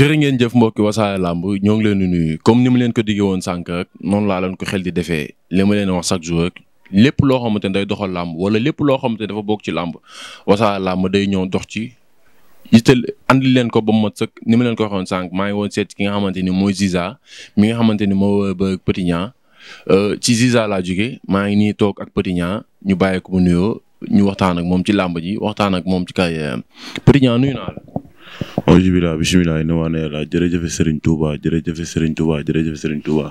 jërë ngeen jëf mbokki wasaare làmb ñoo ngi leen di nuyu comme ni ma leen ko diggee woon sànq rek noonu laa leen ko xel di defee li ma leen wax chaque jour rek lépp loo xamante ne day doxal làmb wala lépp loo xamante ne dafa bokk ci làmb wasaare làmb day ñëw dox ci yitteel andi leen ko ba mu mat sëkk ni ma leen ko waxoon sànq maa ngi woon seet ki nga xamante ni mooy Ziza mi nga xamante ni moo ba a bëgg Petit Niang euh, ci Ziza laa jóge maa ngi nii toog ak Petit ñu bàyyi ko mu nuyoo ñu waxtaan ak moom ci làmb ji waxtaan ak moom ci kay Petit Niang nuyu naa la aujubilaa bisimilah inna waane yàlla jërëjëfe Serigne Touba jërëjëfe Serigne Touba jërëjëfe Serigne Touba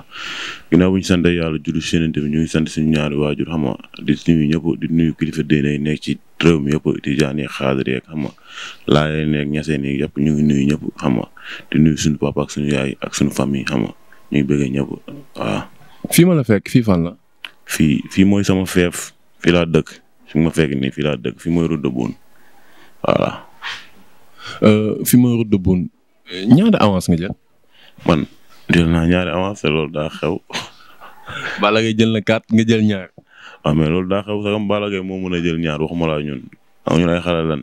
ginnaaw bu ñu sant yàlla julli senente bi ñu ngi sant suñu ñaari waajur xam nga di nuyu ñëpp di nuyu kilifa diine yi nekk ci réew mi yëpp di jaani xaadir yeeg xam nga laa leen nekk ñaseen yi yëpp ñu ngi nuyu ñëpp xam nga di nuyu suñu papa ak suñu yaay ak suñu famille xam nga ñu ngi bëggee ñëpp waaw. fii ma la fekk fii fan la. fii fii mooy sama feef fii laa dëkk fi ma fekk nii fii laa dëkk fii mooy route de Boune voilà Euh, fi ma rëddoon ñaari avance nga jël. man jël naa ñaari avance loolu daa xew. Balla Gaye jël na kaat nga jël ñaar. waaw mais loolu daa xew sax comme Balla Gaye moo mën a jël ñaar waxuma laa ñun a ay xale lan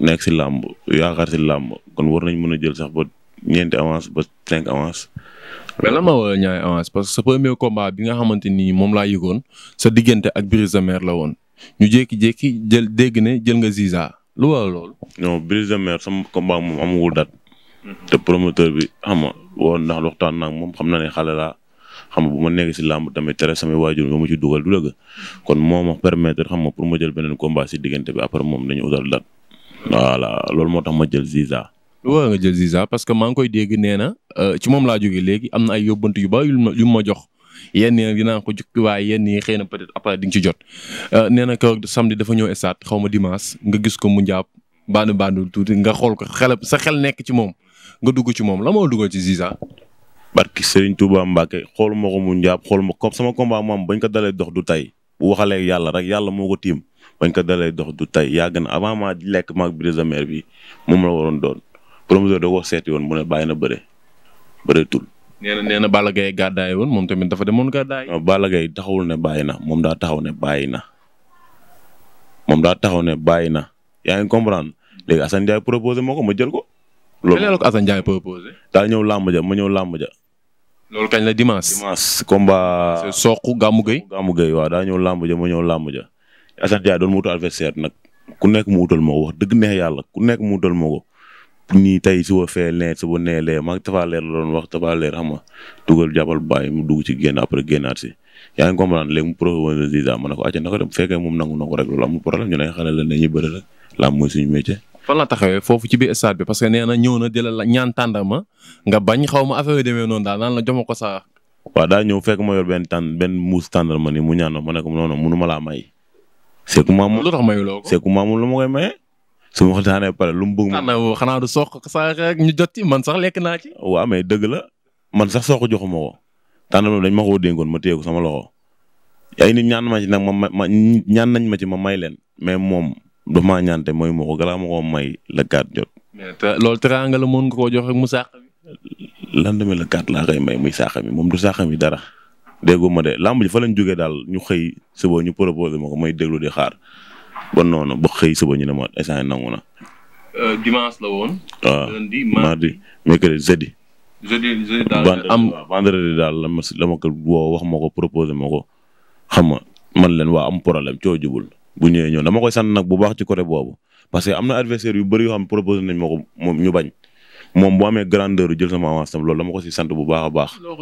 nekk si làmb yaakaar si làmb kon war nañ mën a jël sax ba ñeenti avance ba cinq avance. mais lan ma war ñaari avance parce que sa premier combat bi nga xamante ni moom laa yëgoon sa diggante ak Brise de la woon ñu jékki-jékki jël dégg ne jël nga Ziza lu waral lool non Brise de Mer sama combat moom amagul date. Mhm. te promoteur bi xam nga ndax ndax waxtaan naa moom xam na ne xale laa xam nga bu ma nekk si làmb tamit tere samay waajur nga ma ci dugal du dëgg kon moo ma permettre xam nga pour ma jël beneen combat si diggante bi après moom dañu utal date. voilà loolu moo tax ma jël Ziza. lu war nga parce que maa ngi koy dégg nee na euh, ci moom laa jógee léegi am na ay yóbbante yu ba yu ma jox. yenn yi dinaa ko jukki waaye yenn yi xëy na peut-être après di nga ci jot. Euh, nee na keroog samedi dafa ñëw stade xaw ma dimanche nga gis ko mu jàpp baanu baanu tuuti nga xool ko xel sa xel nekk ci moom nga dugg ci moom la moo duggal ci Ziza. barki Serigne Touba Mbacke xooluma ko mu njàpp xooluma ko sama combat moom bañ ko dalee dox du tey bu yàlla rek yàlla moo ko tiim bañ ko dalee dox du tey yàgg na avant maa lekk maag Brise de Mer bi moom la waroon doon promoteur da ko seeti yoon mu ne bàyyi na bëre bëreetul nee na na Balla Gaye gàddaay woon moom tamit dafa demoon gàddaay. non bala Gaye taxawul ne bàyyi na moom daa taxaw ne bàyyi na moom daa taxaw ne bàyyi na yaa ngi comprendre léegi Assane Ndiaye proposé moo ko ma jël ko. loolu la ko Assane Ndiaye daa ñëw làmb ja ma ñëw làmb ja. loolu kañ la dimanche. dimanche combat. c'est Sokh Gamou Gueye. waaw daa ñëw làmb ja ma ñëw làmb ja Assane Ndiaye doon mu wutal adversaire nag ku nekk mu wutal moo wax dëgg neex yàlla ku nekk mu wutal moo ko nii tey suba fee lee suba nee lee maa ngi Tapha Leer la doon wax Tapha Leer xam dugal jàppal bàyyi mu dugg ci génn après génnaat si yaa bu fekkee moom nangu foofu ci biir stade bi parce que nee na ñëw na di la ñaan tàndama nga bañ xaw ma affaire yi demee noonu daal la jox ko sa waaw daa ñëw fekk ma yor benn tànn benn muus tàndal ma ni mu ñaan ma ne ko noonu ma laa may. c'est que lu tax mayu loo ko c'est lu ma koy maye su ma waxtaanee pare lu mu bëgg. maanaam ah, xanaa du soq saa ñu jot ci man sax lekk naa ci. waaw mais dëgg la man sax soq joxu ma ko. tànn dañ ma koo dénkoon ma téye sama loxo. ay ni ñaan ma ci nag ma ma ñaan nañ ma ci ma may leen. mais moom dafa maa ñaante mooy ma ko galaa may la gàtt jot. mais te loolu la mën nga koo jox mu saax lan demee la gàtt laa koy may muy saax mi moom du saax mi dara. déggu ma de làmb ji fa lañ jógee daal ñu xëy suba ñu proposé ma ko may déglu di xaar. ba noonu ba xëy suba ñu ne ma instant nangu na. la woon. waaw lundi mardi am vendredi daal la ma la ma ko wax ma ko proposé ma ko xam nga man leen waa am problème coo jubul bu ñëwee ñëw dama koy sant nag bu baax ci côté boobu parce que am na adversaire yu bëri yoo xam proposé nañ ma ko moom ñu bañ moom bu amee grandeur jël sama avance tam loolu dama ko sant bu baax a baax. loo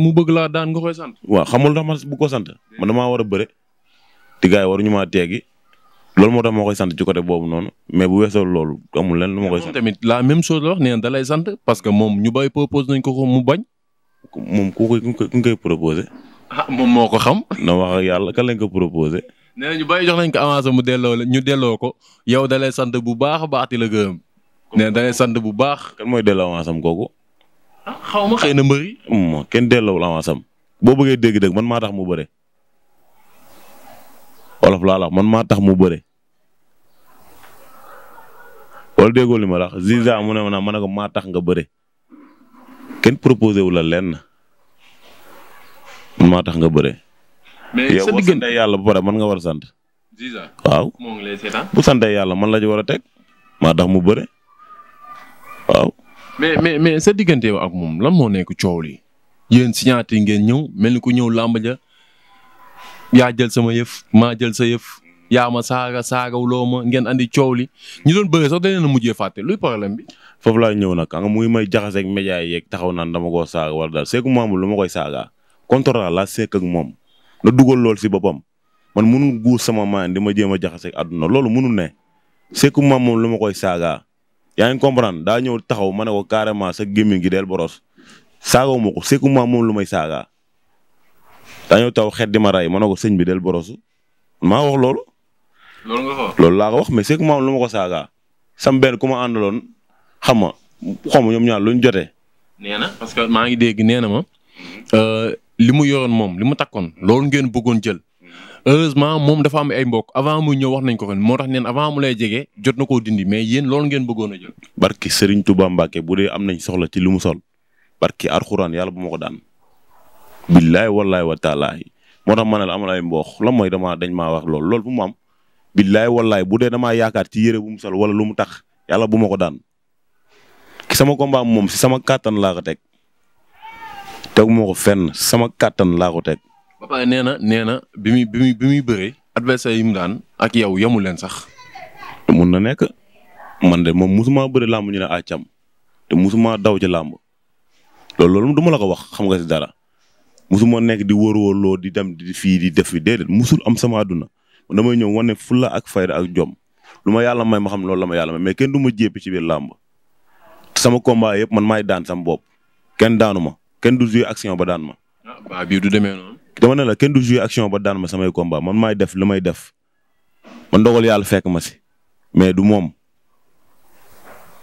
mu bëgg laa daan nga koy sant. waaw xamul dama bu ko sant man damaa war a bëre te waru yi ma maa loolu moo tax moo koy sant ci côté boobu noonu mais bu weesoo loolu amul lenn lu ma koy sant tamit la même chose la wax nee na sant parce que moom ñu bay propose nañ ko ko mu bañ. moom ku koy ku ñu koy proposé. Ah, moom moo ko xam. na wax yàlla kan lañ ko proposé. nee na bay jox nañ ko avancé mu delloo la ñu delloo ko yow da lay sant bu baax a baax di la gërëm. nee na da lay bu baax. kan mooy delloo avancé am kooku. ah xaw ma xëy na mbëri. kenn delloowul avancé boo bëggee dégg-dégg man maa tax mu bëre. olof laa la man maa tax mu bëre. wala déggoo li ma la wax Ziza mu ne ma ma ne ko maa tax nga bëre kenn proposé wu la lenn maa tax nga bëre. mais yow boo santee yàlla bu pare man nga war a sant. waaw moo ngi lay seetaan bu santee yàlla man la ci war a teg maa tax mu bëre waaw. mais mais sa diggante ak moom la moo nekk coow li yéen signaté ngeen ñëw mel ni ku ñëw làmb yaa jël sama yëf maa jël sa yëf yaa ma saaga saagawloo ma ngeen andi coow li ñu doon bëgg sax dañ leen a mujjee fàtte luy problème bi. foofu laa ñëw nag nga muy ma jaxaseeg média yeeg taxaw naan dama koo saaga wala daal seeku maamul lu ma koy saaga seek ak moom la dugal lool si boppam man mënul guur sama maan di ma jéem a jaxaseeg àdduna loolu mënul ne seeku maam moom lu ma koy saaga yaa ngi comprendre daa ñëw taxaw ma ne ko carrément sa gémmiñ gi del boros saagaw ma ko seeku maam moom lu may saaga daa ñëw taw xet di ma raay ma ne ko sëñ bi del borosu maa wax loolu. loolu laa ko wax mais c'est que moom lu ma ko saagaa. sam benn ku ma àndaloon xam ma xaw ma ñoom ñaar luñ jotee. nee na parce que maa ngi dégg nee na ma euh, li mu yoroon moom li mu takkoon loolu ngeen bëggoon jël. heureusement moom dafa am ay mbokk avant muy ñëw wax nañ ko fen moo tax neen avant mu lay jege jot na koo dindi mais yéen loolu ngeen bëggoon a jël. barki Serigne tubaa Mbacke bu dee am nañ soxla ci li mu sol barki Alxuraan yàlla bu ma ko daan. billaay wallaay wa taalaay moo tax ma ne la ay mboox la mooy damaa dañ maa wax lool loolu bu mu am billaay bu dee damaa yaakaar ci yére bu mu sol wala lu mu tax yàlla bu ma ko daan ki sama combat moom si sama kàttan laa ko teg tegu ma ko fenn sama kàttan laa ko teg. ba pare nee na nee na bi muy bi muy bi muy bëree. adversaire yi mu daan ak yow yamu leen sax. mun na nekk man de moom musuma bëri làmb ñu ne àccam te musuma daw ci làmb lool loolu duma la ko wax xam nga si dara. musuma nekk di wërwërloo di dem di fii di def fi déedéet musul am sama àdduna damay ñëw wane fulla ak fayda ak jom lu ma yàlla may ma xam loolu la ma yàlla may mais kenn du ma ci biir làmb sama combat yëpp man may daan sama bopp kenn daanu ma kenn du jouer action ba daan ma. waaw ah, bii du demee noonu. dama la kenn du jouer action ba daan ma samay combat man maay def li may def man dogal yàlla fekk ma si mais du moom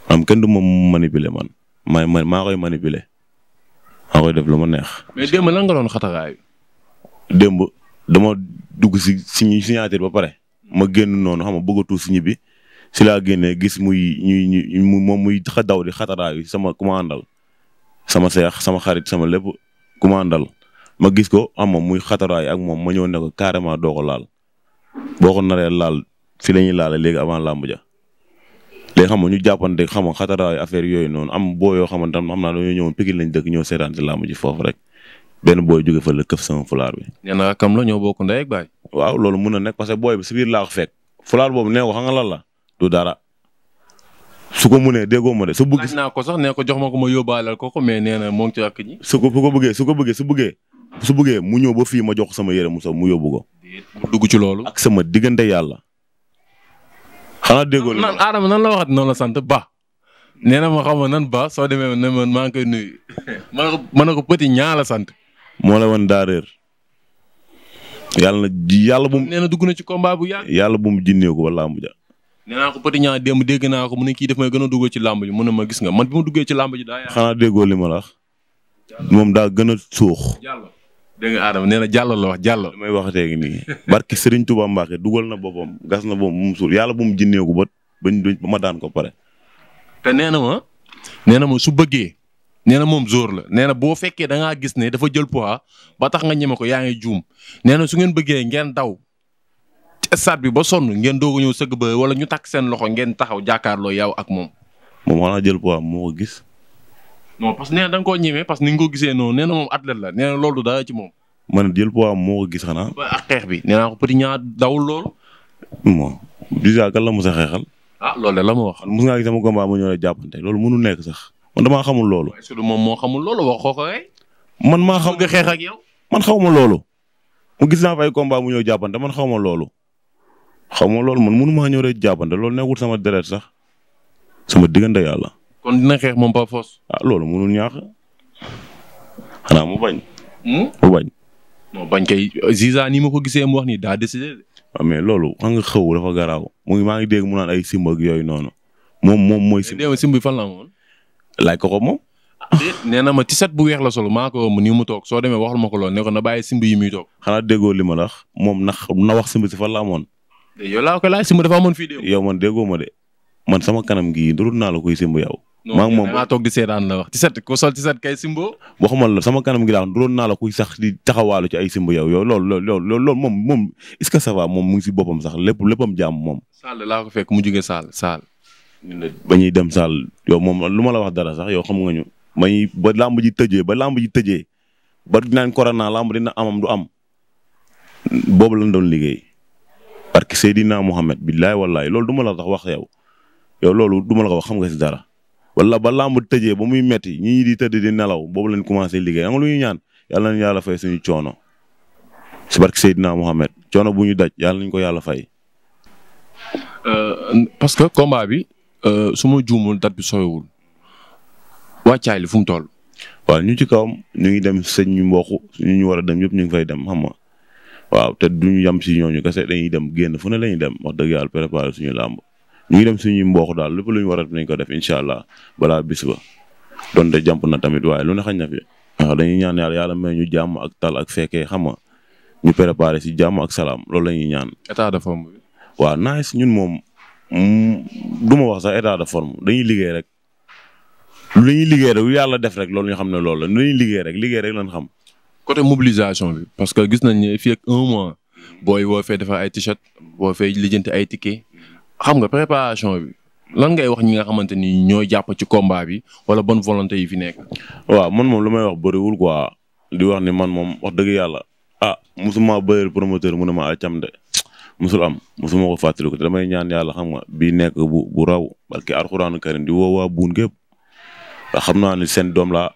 am kenn du ma manipuler man maay maa koy manipuler. maa koy def lu ma neex. mais démb lan nga doon xatakaay. dama dugg si si signature ba pare. ma génn noonu xama nga bëggatu si ñibbi si laa génne gis muy ñuy ñuy moom muy xa daw di xataraayu sama ku ma sama seex sama xarit sama lépp ku ma ma gis ko am moom muy xataraay ak moom ma ñëw ne ko carrément doo laal boo ko naree laal fi la ñuy laale léegi avant làmb léegi xam nga ñu jàppante xam nga xataraay affaire yooyu noonu am boo yoo xamante ne xam naa dañoo ñëwoon Pikine lañ dëkk ñoo seetaan si làmb ji foofu rek benn booy jóge fa la këf sama fulaar na nekk parce booy bi si biir laa ko fekk fulaar boobu nee ko xam nga la du dara su ko mënee déggoo ma de su bëgg. laaj naa ko sax nee ko jox ma ko ma yóbbaalal ko ko mais nee na moo ngi ci rakk ko su ko bëggee ko bëggee su su bëggee mu ñëw ba fii ma jox sama yére mu sax mu yóbbu ko. dugg ci loolu. ak sama diggante yàlla xanaa déggoo nan Adama nan la waxat noonu la sant ba nee na ma xam ma nan ba soo demee ne man maa ngi koy nuyu ma ne ko ma ne ko la sant. moo la woon daa réer yàlla na yàlla bu mu. nee na dugg na ci combat bu yàgg. yàlla bu mu jinnee ko ba làmb ja. nee naa ko petit ñaa démb dégg naa ko mu ne kii daf may gën a duggoo ci làmb ji mu ne ma gis nga man bi ma duggee ci làmb ji daa. xanaa déggoo li ma moom daa gën a suux. dégg nga Adama nee na jàll la jàll. may wax léegi nii barki Serigne Touba Mbacke dugal na boppam gas na boppam mu suul yàlla bu mu jinneeku ba ba ma daan ko pare. te nee na ma nee na ma su bëggee nee na moom jour la nee na boo fekkee da ngaa gis ne dafa jël poids ba tax nga ñeme ko yaa ngi juum nee na su ngeen bëggee ngeen daw ci bi ba sonn ngeen doog ñëw sëgg ba wala ñu takk seen loxo ngeen taxaw jàkkaarloo yow ak moom. moom xanaa jël poids moo gis. non parce que na da koo ñemee parce que ni ko gisee noonu neen na moom athlète la nee na loolu daa ci moom. man jël poids moo ko gis xanaa. ak xeex bi nee naa ko petit ñaar dawul loolu. bon déjà kan la mos a xeexal. ah loolu de la ma wax. mos ngaa gis sama combat ma ñëw rek jàppante loolu mënul nekk sax man damaa xamul loolu. est-ce que moom moo xamul loolu wax ko man maa xam nga xeex ak yow. man xaw ma loolu. mu gis naa fay combat mu ñëw jàppante man xaw ma loolu. xaw ma loolu man mënu maa ñëw rek jàppante loolu sama deret sax sama diggante yàlla kon dina xeex moom par force. ah loolu mënul ñaax xanaa mu bañ. Hmm? mu bañ. non bañ kay Ziza ni ma ko gisee mu wax nii daa décidé. waaw ah, mais loolu xam nga xaw dafa garaaw mu ngi maa ngi dégg mu naan ay simb ak yooyu noonu moom moom mooy. simb bi fan la amoon. laaj ko ko moom. Ah, nee na ma ci bu weex la solo maa ko mu ni mu toog soo demee wax ma ko lool ne ko na bàyyi simb yi muy toog. xanaa déggoo li ma la moom na na wax simb si fan la amoon. yow laa ko laaj simb dafa amoon fii de. yow man déggoo ma de man sama kanam gii durut naa la koy simb yow. maa ngi moom da toog di seetaan la wax ci set ku sol ci set kay simbo. waxuma la sama kanam gi laa doon naa la kuy sax di taxawaalu ci ay simbo yow yow loolu loolu loolu moom moom est moom mu ngi si boppam sax lépp léppam jàmm moom. Sall laa ko fekk mu jugee Sall Sall. ba ñuy dem Sall yow moom lu ma la wax dara sax yow xam nga ñu. ma ba làmb ji tëjee ba làmb ji tëjee ba dinaan corona làmb dina amam du am boobu lañ doon liggéey. parce que Seydina Mohamed billaay wallaay loolu du ma la tax wax yow yow loolu duma la ko wax xam nga si dara. wala ba làmb tëjee ba muy metti ñi di tëdd di nelaw boobu lañ commencé liggéey am lu ñu ñaan yàlla nañu yàlla fay suñu coono si barke Seydina Mohamed coono bu ñu daj yàlla nañ ko yàlla fay. Euh, parce que combat bi euh, su ma juumul date bi sooyewul li fu mu toll. waaw ñu ci kawam ñu ngi dem sëñ ñu mboq ñu ñu war a dem yëpp ñu ngi fay dem xam nga waaw te duñu yam si ñooñu kese ñu dem génn fu ne lañuy dem wax dëgg yàlla préparé suñu làmb ñu ngi dem suñuy mboox daal lépp lu ñu war a nañ ko def incha allah balaa bis ba donte jàmp na tamit waaye lu ne xañ na fi waaw dañuy ñaan yàlla yàlla may ñu jàmm ak tal ak fekkee xam nga ñu préparé si jàmm ak salaam loolu lañuy ñaan. état de forme bi. waaw si ñun moom duma wax sax état de forme dañuy liggéey rek lu ñuy liggéey rek lu yàlla def rek loolu ñu xam ne loolu la lu ñuy liggéey rek liggéey rek lañ xam. côté mobilisation bi parce que gis nañ ne fii booy boo fee defar ay t boo fee lijjanti ay ticket xam nga préparation bi lan ngay wax ñi nga xamante ni ñooy jàpp ci combat bi wala bonne volonté yi fi nekk. waaw man moom lu may wax bëriwul quoi di wax ni man moom wax dëgg yàlla ah musuma bëreel promoteur mu ne ma acam de musul am musuma ko fàttaliku te damay ñaan yàlla xam nga bii nekk bu bu raw barki alxuraanu karim di woo waa buun gépp ndax xam naa ni seen doom laa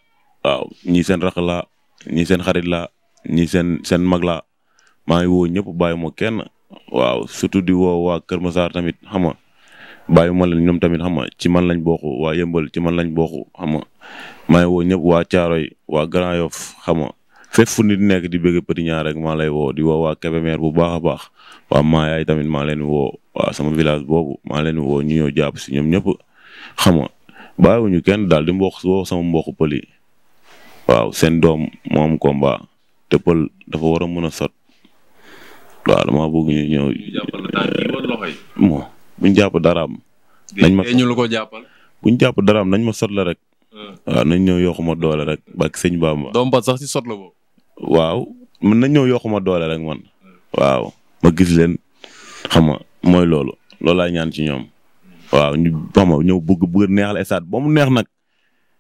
waaw ñii seen rax laa ñii seen xarit la ñii seen seen mag laa maa ngi woo ñëpp bàyyi ma kenn. waaw surtout di woo waa Kër Massar tamit xam nga bàyyi ma leen ñoom tamit xam nga ci man lañ bokk waa Yëmbal ci man lañ bokk xam nga maa ngi woo ñëpp waa Caaroy waa Grand Yoff xam nga fépp fu nit nekk di bëgg Petit Niang rek maa lay woo di woo waa Kébémer bu baax a baax waa Maayaay tamit maa leen woo waa sama village boobu maa leen wo ñu ñëw jàpp si ñoom ñëpp xam nga bàyyiwuñu kenn daal di mboq woo sama mbokk pël waaw seen doom moom combat te pël dafa war mën a sot waaw dama bëgg ñu ñëw. bu ñu euh, jàpp daraam. nañ ma ñu la ko jàppal. bu ñu jàpp daraam nañ ma sot la rek. Euh. waaw nañ ñëw yokku ma doole rek bak sëñ Bamba. doom ba sax si sot la waaw man nañ ñëw yokku ma doole rek man. waaw gis leen xam nga mooy loolu loolu laay ñaan ci ñoom. waaw ñu xam nga ñëw bëgg bëgg neexal esaat ba mu neex nag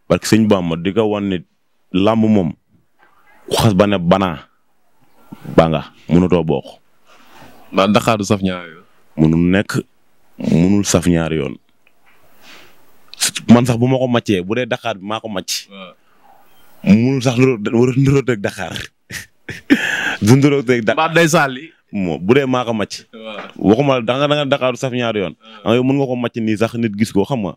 barke sëñ baam di ko wan nit làmb moom xas ba bana banaa ba nga mënutoo bokk. ndax Dakar du saf ñaari yoon. munul nekk munul saf ñaari yoon man sax bu ma ko màccee bu dee Dakar bi maa ko màcc. munul sax lu war a niróo teg Dakar du niróo teg Dakar. baat moo bu dee maa ko màcc. waxuma la da nga da nga Dakar saf ñaari yoon. waaw yow mun ko màcc sax nit gis ko xam nga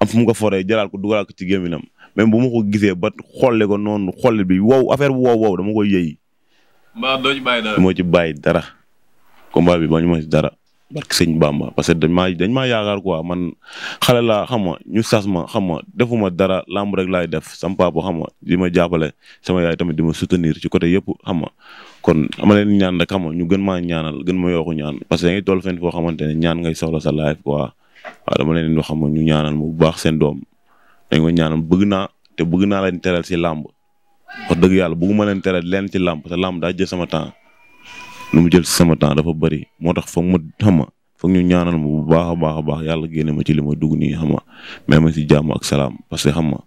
am fu mu ko foree jëlaat ko dugalaat ko ci gémminam même bu ma ko gisee ba xolle ko noonu xolle bi wow affaire bu wow wow dama koy yëy. mbaa doo ci moo ci bàyyi dara. combat bi bañ ma si dara barke sëñ Bamba parce que dañ maa dañ maa yaakaar quoi man xale laa xam ma ñu sas ma xam ma defuma dara lamb rek laay def sama papa xam ma di ma jàppale sama yaay tamit di ma soutenir ci côté yëpp xam ma kon ama leen ñaan rek xam ma ñu gën maa ñaanal gën ma yokku ñaan parce que da ngay toll fenn foo xamante ne ñaan ngay soxla sa life xam ma ñu ñaanal bu baax seen doom dañ ko ñaanal bëgg naa te bëgg naa leen teral si làmb wax dëgg yàlla ma leen teral leen ci làmb te làmb daa jël sama temps lu mu jël sama temps dafa bari moo tax foog ma xam ma foog ñu ñaanal ma bu baax a baax a baax yàlla génne ma ci li ma dugg nii xam ma mais ma si jàmm ak salaam parce que xam ma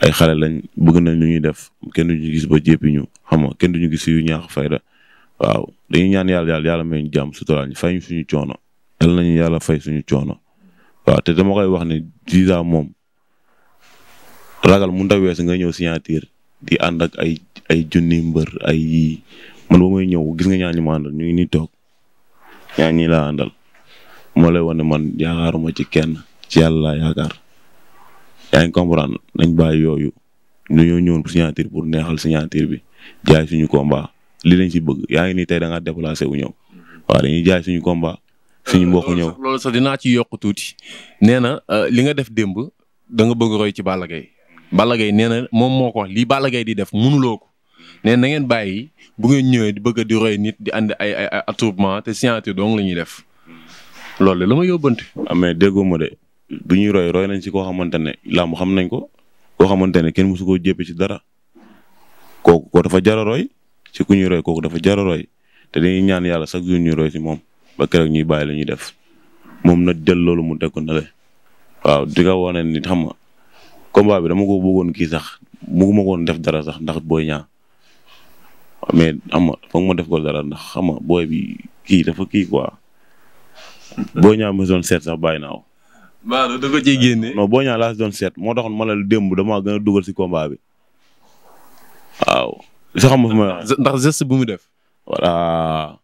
ay xale lañ bëgg nañ lu ñuy def kenn du ñu gis ba jéppi ñu xam ma kenn du ñu gis yu ñaax fayda waaw dañuy ñaan yàlla yàlla yàlla may ñu jàmm suturaal ñu fay ñu suñu coono yàlla nañu yàlla fay suñu coono waaw te dama koy wax ne Ziza moom ragal mu ndaw weesu nga ñëw signature di ànd ak ay ay junni mbër ay man ba may ñëw gis nga ñaar ma àndal ñu ngi nii toog ñaar ñi laa àndal moo lay wane man yaakaaruma ci kenn ci yàlla laa yaakaar yaa ngi comprendre nañ bàyyi yooyu dañoo ñëwoon signature pour neexal signature bi jaay suñu combat li lañ ci bëgg yaa ngi nii tey da ngaa déplacé wu ñëw waaw dañuy jaay suñu combat suñu mbokk ñëw. loolu sax dinaa ci yokk tuuti nee na euh, li nga def démb danga nga bëgg roy ci Balla Gaye Balla Gaye moom moo ko wax lii Balla di def mënuloo ko nee na ngeen bàyyi bu ngeen ñëwee di bëgg di roy nit di ànd ay ay ay attroupement te signature dong la ñuy def loolu la ma yóbbante. amee ah, mais ma de bu ñuy roy roy nañ si koo xamante ne làmb xam nañ ko koo xamante ne kenn mësu koo jépp ci dara kooku koo dafa jar a ci ku ñuy roy kook dafa jar te dañuy ñaan yàlla chaque jour ñuy roy ci moom ba keroog ñuy bàyyi lañuy def moom na jël loolu mu teg ko ndale waaw di nga wane nit xam nga combat bi dama ko bëggoon kii sax mu woon def dara sax ndax booy ñaa mais am ma foog ma def ko dara ndax xam nga booy bi kii dafa kii quoi boo ñaam ma doon seet sax bàyyi naa ko. waaw ciy génne. non boo ñaa laa doon seet moo taxoon ma la démb damaa gën a dugal si combat bi waaw. xam nga ma ndax geste bu mu def. voilà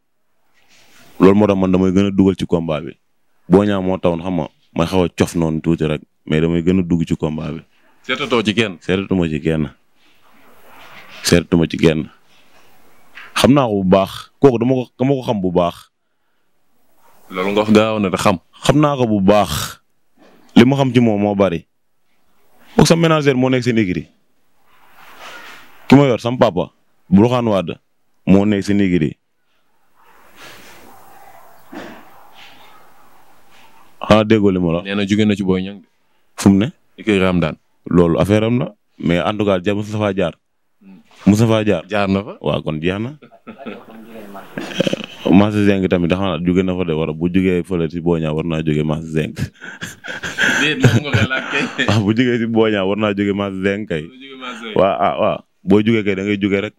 loolu moo tax man damay gën a dugal ci combat bi boo ñaam moo taxoon xam ma may xaw a cof noon tuuti rek mais damay gën a dugg ci combat bi. seetatoo ci kenn. seetatuma ci kenn seetatuma ci kenn. xam naa ko bu baax kooku dama ko dama ko xam bu baax. loolu nga wax gaaw na da xam. xam naa ko bu baax li ma xam ci moom moo bari boog sa ménagère moo nekk seen écurie ki ma yor sam papa Burkhane Wade moo nekk seen écurie ah déggoo li ma na ci Boy Niang. fu mu ne. écurie Ramdan. loolu affaire am la mais en tout cas jàmm sa faa jaar. Moustapha jaar jaar na fa waaw kon jeex na. Eh, Massi Zeng tamit xam naa jóge na fa de war bu jógee fële si Boña war naa jóge Massi Zeng. waaw bu jógee si Boña war naa jóge Massi Zeng kay. waaw ah waaw boo jógee kay da ngay jóge rek.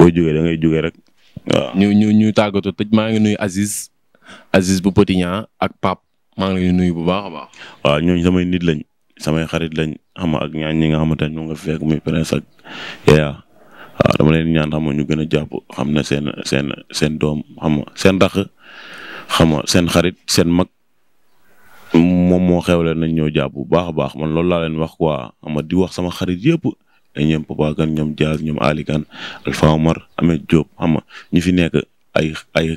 boo jógee da ngay jóge rek ñu ñu ñu tàggatoo tëj maa ngi nuyu Aziz Aziz bu Potignan ak Pape maa ngi lay nuyu bu baax a baax. waaw ñooñu samay nit lañ samay xarit lañ xama ak ñaan ñi nga xamante ne ñu nga fekk muy prince ak yaa dama leen ñaan xam ñu gën a jàpp xam na seen seen seen doom xam seen rax xam seen xarit seen mag moom moo xewle nañ ñëw jàpp bu baax a baax man loolu laa leen wax quoi ama di wax sama xarit yëpp ay ñoom Papa Kane ñoom Diaz ñoom Ali Kane Alpha Omar Ameth Diop xam ñu fi nekk ay ay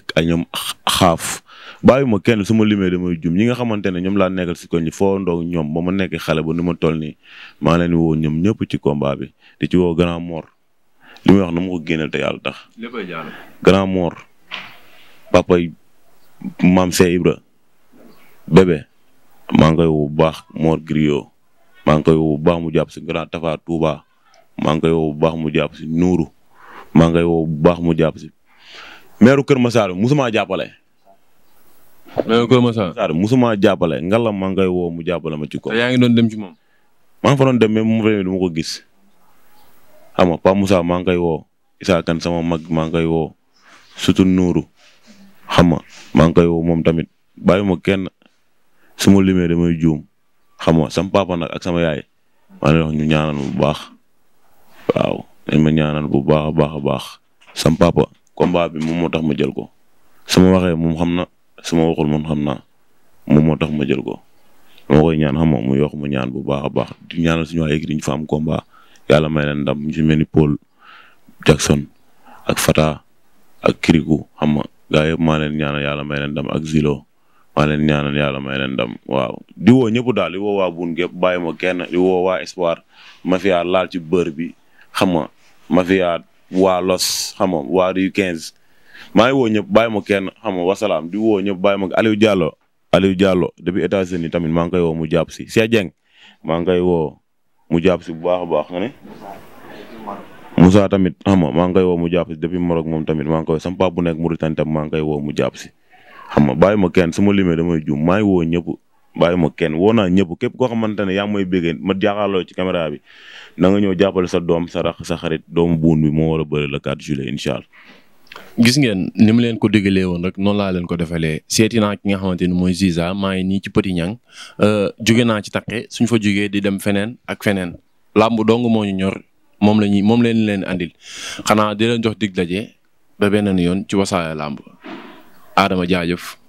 xaaf ma kenn suma ma limee damay jum ñi nga xamante ne ñoom laa nekkal si koñ foo ndoog ñoom ba ma nekk xale ba ni ma toll nii maa leen woo ñoom ñëpp ci combat bi di ci woo Grand moor li may wax na ma ko génneel te yàlla tax. léppay jàll. Grand Mor papay maam Cheikh Ibra bébé maa ngi koy woo baax Mor Griot maa ngi koy woo baax mu jàpp si Grand Tafa Touba maa ngi koy woo baax mu jàpp si nuuru maa ngi koy woo bu baax mu jàpp si. meeru Kër Massar musuma jàppale. mais Kër Masar. Masar musuma jàppale ngalla maa ngay mu jàppale ma ci ko. yaa ngi doon dem ci moom. maa ngi fa doon dem mais mu demee du ma ko gis xam nga Pape Moussa maa ngi koy woo Issa kan sama mag maa ngi koy woo surtout Nourou xam nga maa ngi koy woo moom tamit bàyyi ma kenn suma ma limee damay juum xam nga sama papa nag ak sama yaay ma ngi wax ñu ñaanal bu baax waaw dañ ma ñaanal bu baax a baax a baax sama papa combat bi moom moo tax ma jël ko sama waxee suma ma waxul xam na moom moo tax ma jël ko dama koy ñaan xam mu yokk mu ñaan bu baax a baax di ñaanal suñu waa écurie ñu fa am combat yàlla may leen ndam ñu ci mel ni Paul Jackson ak Fata ak Kirikou xam nga gaa maa leen ñaanal yàlla may leen ndam ak Zilo maa leen ñaanal yàlla may leen ndam waaw di woo ñëpp daal di woo waa buun gépp bàyyi ma kenn wo woo waa Espoir mafia laal ci bër bi xam nga mafia waa Los xam nga waa maa ngi woo ñëpp baay ma kenn xam nga wasalaam di woo ñëpp bàyyi ma Aliou Diallo Aliou Diallo depuis États-Unis tamit maa ngi koy woo jàpp si Cheikh Dieng maa ngi koy mu jàpp si bu baax a baax tamit xam nga maa ngi koy mu jàpp si depuis moom tamit maa ngi koy sama papa bu nekk Mauritanie maa ngi koy woo mu jàpp si. xam nga bàyyi ma kenn su ma limee juum maa ngi woo ñëpp baay ma kenn woo naa ñëpp képp koo xamante ne yaa ngi may béggee ma jaaxaaloo ci caméra bi nanga ñëw jàppale sa doom sa rax sa xarit doom buun bi moo war a bëri le 4 juillet gis ngeen ni mu leen ko digalee woon rek noonu laa leen ko defalee seeti naa ki nga xamante ni mooy Ziza maa ngi nii ci Petit Niang euh, jóge naa ci taqe suñ fa jógee di dem feneen ak feneen làmb dong moo ñu ñor moom la ñuy moom leen leen andil xanaa di jox dig daje ba beneen yoon ci wasaare làmb aadama jaajëf.